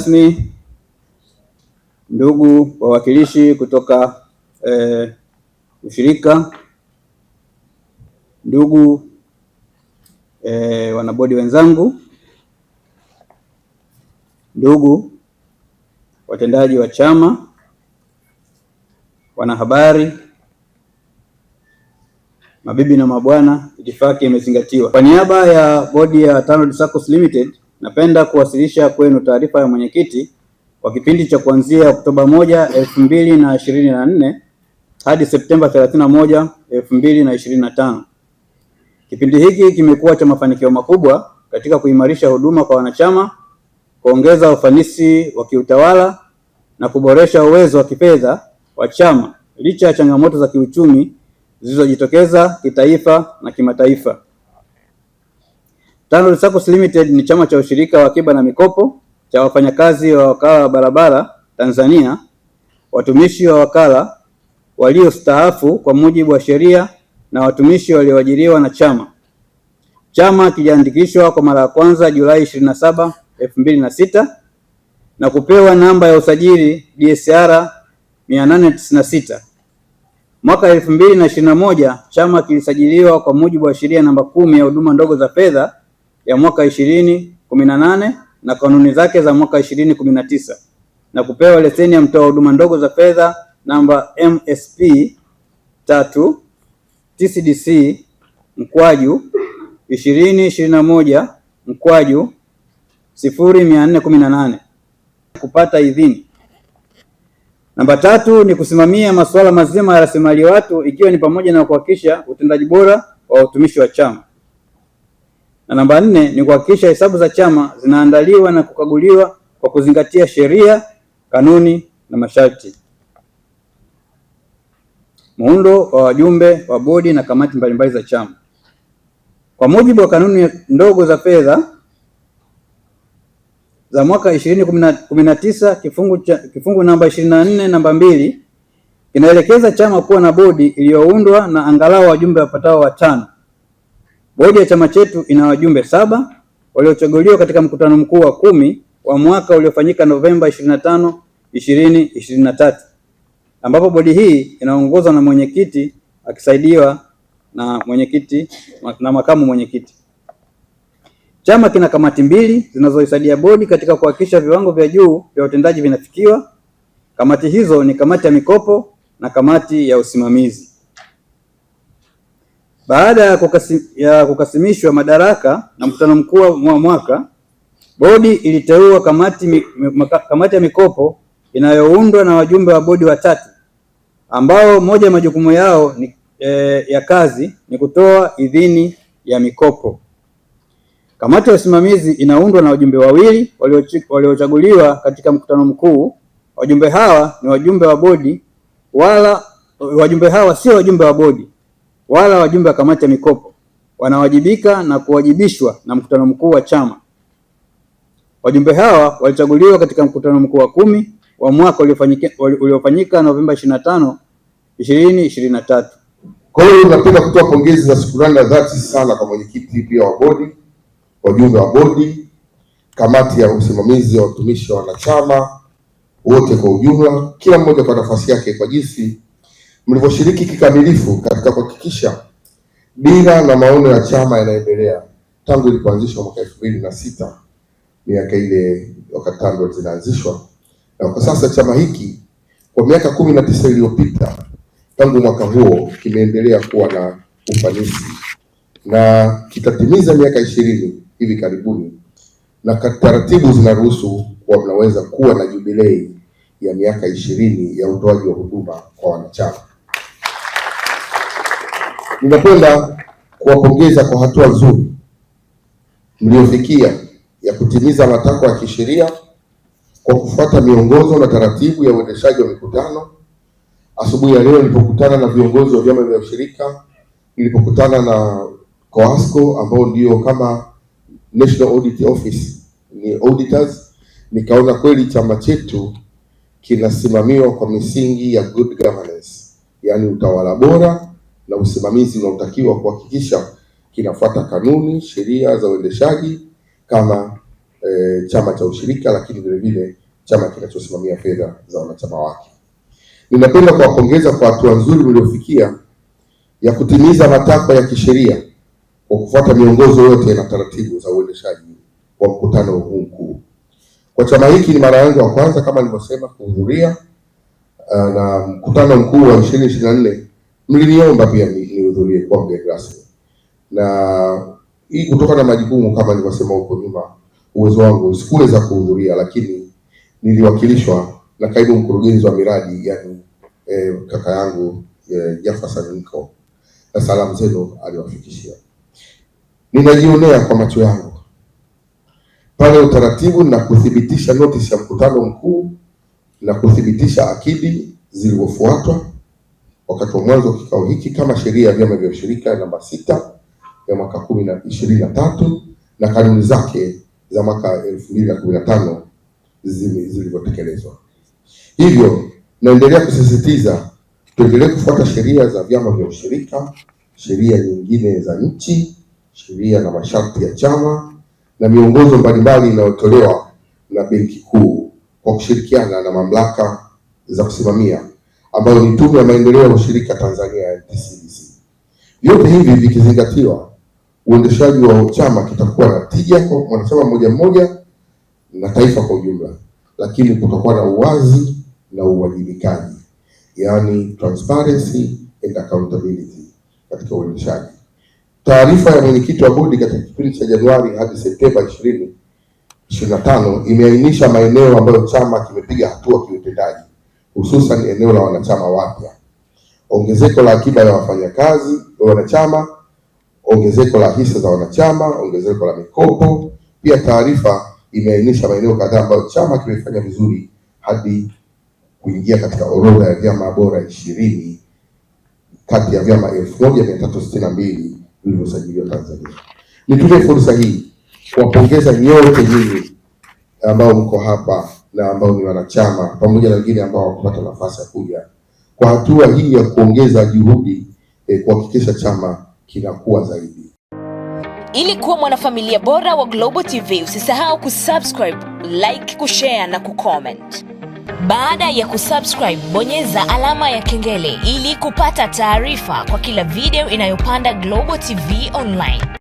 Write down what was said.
rasmi, ndugu wawakilishi kutoka eh, ushirika, ndugu eh, wanabodi wenzangu, ndugu watendaji wa chama, wanahabari, mabibi na mabwana, itifaki imezingatiwa. Kwa niaba ya bodi ya TANROADS SACCOS Limited Napenda kuwasilisha kwenu taarifa ya mwenyekiti kwa kipindi cha kuanzia Oktoba moja elfu mbili na ishirini na nne hadi Septemba 31 2025. Kipindi hiki kimekuwa cha mafanikio makubwa katika kuimarisha huduma kwa wanachama, kuongeza ufanisi wa kiutawala na kuboresha uwezo wa kifedha wa chama licha ya changamoto za kiuchumi zilizojitokeza kitaifa na kimataifa. Tano Resources Limited ni chama cha ushirika wa akiba na mikopo cha wafanyakazi wa wakala wa barabara Tanzania, watumishi wa wakala waliostaafu kwa mujibu wa sheria na watumishi walioajiriwa na chama. Chama kiliandikishwa kwa mara ya kwanza Julai 27, 2006 na kupewa namba ya usajili DSR 896. Mwaka 2021 chama kilisajiliwa kwa mujibu wa sheria namba kumi ya huduma ndogo za fedha ya mwaka 2018 na kanuni zake za mwaka 2019 na na kupewa leseni ya mtoa huduma ndogo za fedha namba MSP 3 TCDC mkwaju 2021 mkwaju 0418 kupata idhini. Namba tatu ni kusimamia masuala mazima ya rasilimali watu ikiwa ni pamoja na kuhakikisha utendaji bora wa utumishi wa chama. Na namba nne ni kuhakikisha hesabu za chama zinaandaliwa na kukaguliwa kwa kuzingatia sheria, kanuni na masharti. Muundo wa wajumbe wa bodi na kamati mbalimbali za chama. Kwa mujibu wa kanuni ndogo za fedha za mwaka 2019 kifungu cha, kifungu namba 24 namba mbili inaelekeza chama kuwa na bodi iliyoundwa na angalau wajumbe wapatao watano Bodi ya chama chetu ina wajumbe saba waliochaguliwa katika mkutano mkuu wa kumi wa mwaka uliofanyika Novemba 25, 2023 ambapo bodi hii inaongozwa na mwenyekiti akisaidiwa na mwenyekiti na makamu mwenyekiti. Chama kina kamati mbili zinazoisaidia bodi katika kuhakikisha viwango vya juu vya utendaji vinafikiwa. Kamati hizo ni kamati ya mikopo na kamati ya usimamizi. Baada ya, kukasim, ya kukasimishwa madaraka na mkutano mkuu wa mwaka, bodi iliteua kamati, kamati ya mikopo inayoundwa na wajumbe wa bodi watatu ambao moja ya majukumu yao ni, e, ya kazi ni kutoa idhini ya mikopo. Kamati ya usimamizi inaundwa na wajumbe wawili waliochaguliwa katika mkutano mkuu. Wajumbe hawa ni wajumbe wa bodi wala wajumbe hawa sio wajumbe wa bodi wala wajumbe wa kamati ya mikopo wanawajibika na kuwajibishwa na mkutano mkuu wa chama. Wajumbe hawa walichaguliwa katika mkutano mkuu wa kumi wa mwaka uliofanyika Novemba 25, 2023. Kwa hiyo napenda kutoa pongezi za shukrani na dhati sana kwa mwenyekiti pia wa bodi, wajumbe wa bodi, kamati ya usimamizi wa watumishi wa wanachama wote kwa ujumla, kila mmoja kwa nafasi yake, kwa jinsi mlivyoshiriki kikamilifu katika kuhakikisha dira na maono ya chama yanaendelea tangu ilipoanzishwa mwaka elfu mbili na sita miaka ile wakati TANROADS zinaanzishwa, na kwa sasa chama hiki kwa miaka kumi na tisa iliyopita tangu mwaka huo kimeendelea kuwa na ufanisi na kitatimiza miaka ishirini hivi karibuni, na taratibu zinaruhusu kuwa mnaweza kuwa na jubilei ya miaka ishirini ya utoaji wa huduma kwa wanachama. Ninapenda kuwapongeza kwa hatua nzuri mliofikia ya kutimiza matakwa ya kisheria kwa kufuata miongozo na taratibu ya uendeshaji wa mikutano. Asubuhi ya leo nilipokutana na viongozi wa vyama vya ushirika, nilipokutana na COASCO ambao ndio kama National Audit Office ni auditors, nikaona kweli chama chetu kinasimamiwa kwa misingi ya good governance, yaani utawala bora na usimamizi unaotakiwa kuhakikisha kinafuata kanuni, sheria za uendeshaji kama e, chama cha ushirika, lakini vile vile chama kinachosimamia fedha za wanachama wake. Ninapenda kuwapongeza kwa hatua nzuri mliofikia ya kutimiza matakwa ya kisheria kwa kufuata miongozo yote na taratibu za uendeshaji wa mkutano huu mkuu. Kwa chama hiki ni mara yangu ya kwanza kama nilivyosema kuhudhuria eh, na mkutano mkuu wa 2024 mliniomba pia nihudhurie kwa mgeni rasmi, na hii kutoka na majukumu kama nilivyosema huko nyuma, uwezo wangu sikuweza kuhudhuria, lakini niliwakilishwa na kaibu mkurugenzi wa miradi yani, eh, kaka yangu eh, Jafar Saninko, na salamu zenu aliwafikishia. Ninajionea kwa macho yangu pale utaratibu na kuthibitisha notisi ya mkutano mkuu na kuthibitisha akidi zilivyofuatwa wakati wa mwanzo wa kikao hiki kama sheria ya vyama vya ushirika namba sita ya mwaka kumi na ishirini na tatu na kanuni zake za mwaka elfu mbili na kumi na tano zilivyotekelezwa. Hivyo naendelea kusisitiza tuendelee kufuata sheria za vyama vya ushirika, sheria nyingine za nchi, sheria na masharti ya chama na miongozo mbalimbali inayotolewa na Benki Kuu kwa kushirikiana na mamlaka za kusimamia ambayo ni Tume ya Maendeleo ya Ushirika Tanzania TCDC. E Vyote hivi vikizingatiwa, uendeshaji wa chama kitakuwa na tija kwa mwanachama mmoja mmoja na taifa kwa ujumla, lakini kutakuwa na uwazi na uwajibikaji, yani transparency and accountability katika uendeshaji. Taarifa ya mwenyekiti wa bodi katika kipindi cha Januari hadi Septemba 2025 imeainisha maeneo ambayo chama kimepiga hatua kiutendaji hususan eneo la wanachama wapya, ongezeko la akiba ya wafanyakazi wanachama, ongezeko la hisa za wanachama, ongezeko la mikopo. Pia taarifa imeainisha maeneo kadhaa ambayo chama kimefanya vizuri hadi kuingia katika orodha ya vyama bora ishirini kati ya vyama elfu moja mia tatu sitini na mbili vilivyosajiliwa Tanzania. Nitumie fursa hii kuwapongeza nyote nyinyi ambao mko hapa na ambao ni wanachama pamoja na wengine ambao hawakupata nafasi ya kuja. Kwa hatua hii ya kuongeza juhudi eh, kuhakikisha chama kinakuwa zaidi. Ili kuwa mwanafamilia bora wa Global TV, usisahau kusubscribe, like, kushare na kucomment. Baada ya kusubscribe, bonyeza alama ya kengele ili kupata taarifa kwa kila video inayopanda Global TV Online.